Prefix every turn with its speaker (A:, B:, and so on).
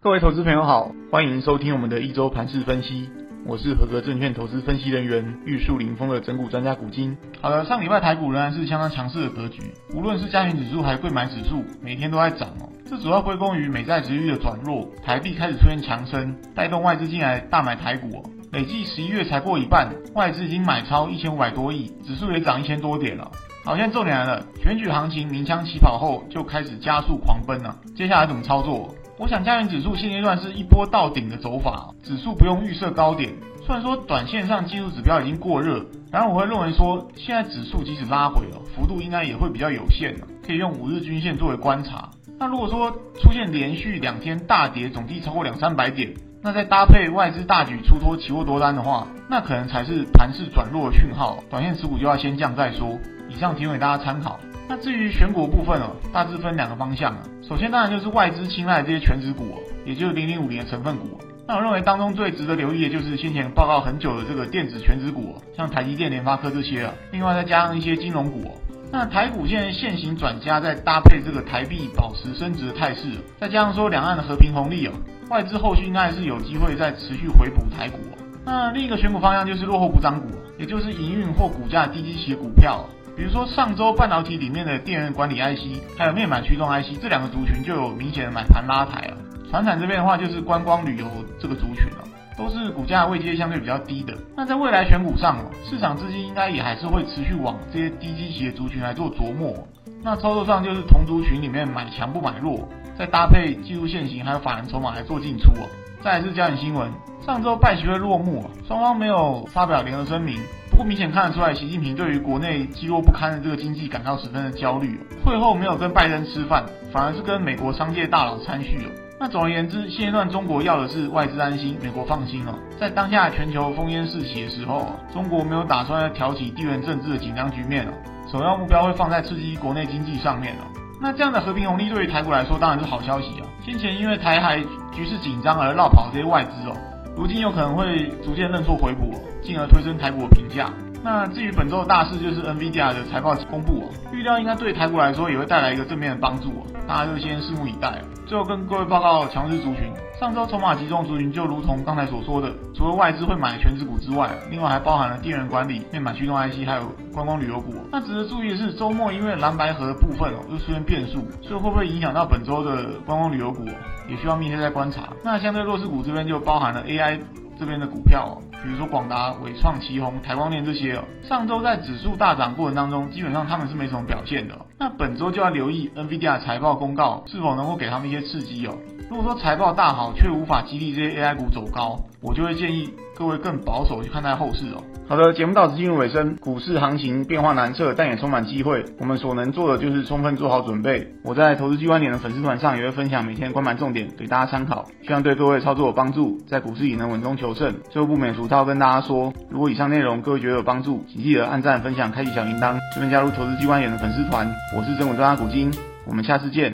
A: 各位投資朋友好，歡迎收聽我們的一周盤勢分析。我是合格證券投資分析人員玉樹臨風的拯股專家股晶。好了，上禮拜台股仍然是相當強勢的格局，無論是加權指數還是櫃買指數，每天都在漲哦、喔。這主要歸功於美債殖利率的轉弱，台幣開始出現強升，帶動外資進來大買台股哦、喔。累計十一月才過一半，外資已經買超一千五百多億，指數也漲一千多點了。好，現在重點來了，選舉行情鳴槍起跑後，就開始加速狂奔了、啊。接下來怎麼操作？我想，加權指數現階段是一波到頂的走法，指數不用預設高點。雖然說，短線上技術指標已經過熱，然後我會認為說，現在指數即使拉回了，幅度應該也會比較有限了，可以用五日均線作為觀察。那如果說出現連續兩天大跌，總計超過兩三百點，那再搭配外資大舉出脫、期貨多單的話，那可能才是盤勢轉弱的訊號，短線持股就要先降再說。以上提供給大家參考。那至於選股部分呢？大致分兩個方向啊。首先當然就是外資青睞這些權值股，也就是0050的成分股。那我認為當中最值得留意的就是先前報告很久的這個電子權值股，像台積電、聯發科這些啊。另外再加上一些金融股。那台股現在線型轉佳，再搭配這個台幣保持升值的態勢，再加上說兩岸的和平紅利啊，外資後續應該還是有機會再持續回補台股。那另一個選股方向就是落後補漲股，也就是營運或股價低基期的股票。比如說上周半導體裡面的電源管理 IC，還有面板驅動 IC 這兩個族群就有明顯的買盤拉抬了。傳產這邊的話就是觀光旅遊這個族群、啊、都是股價位階相對比較低的。那在未來選股上、啊、市場資金應該也還是會持續往這些低基期的族群來做琢磨、啊。那操作上就是同族群裡面買強不買弱，再搭配技術線型還有法人籌碼來做進出、啊、再來是焦點新聞，上周拜習會落幕、啊，雙方沒有發表聯合聲明。不明顯看得出來，習近平對於國內積弱不堪的這個經濟感到十分的焦慮哦，會後沒有跟拜登吃飯，反而是跟美國商界大佬餐敘了、哦、那總而言之，現階段中國要的是外資安心，美國放心了、哦、在當下全球烽煙四起的時候、啊、中國沒有打算要挑起地緣政治的緊張局面了、啊，首要目標會放在刺激國內經濟上面了、啊。那這樣的和平紅利對於台股來說當然是好消息啊。先前因為台海局勢緊張而落跑這些外資哦。如今有可能會逐漸認錯回補，進而推升台股的評價。那至於本周的大事就是 NVIDIA 的財報公布啊，預料應該對台股來說也會帶來一個正面的幫助、哦、大家就先拭目以待、哦。最後跟各位報告強勢族群，上周籌碼集中族群就如同剛才所說的，除了外資會買權值股之外，另外還包含了電源管理、面板驅動 IC 還有觀光旅遊股、哦。那值得注意的是，周末因為藍白合的部分又、哦、出現變數，所以會不會影響到本周的觀光旅遊股、哦，也需要密切在觀察。那相對弱勢股這邊就包含了 AI 這邊的股票、哦。比如說廣達、緯創、奇鋐、台光電這些哦，上周在指數大漲過程當中，基本上他們是沒什麼表現的哦。那本周就要留意 NVIDIA 財報公告是否能夠給他們一些刺激哦。如果說財報大好卻無法激勵這些 AI 股走高，我就會建議各位更保守去看待後市哦。好的，節目到此進入尾聲，股市行情變化難測，但也充滿機會。我們所能做的就是充分做好準備。我在投資 G 觀點的粉絲團上也會分享每天關門重點給大家參考，希望對各位操作有幫助，在股市也能穩中求勝。最後不滿足。還要跟大家說，如果以上內容各位覺得有幫助，請記得按讚、分享、開啟小鈴鐺，順便加入投資 G 觀點的粉絲團。我是拯股專家股晶，我們下次見。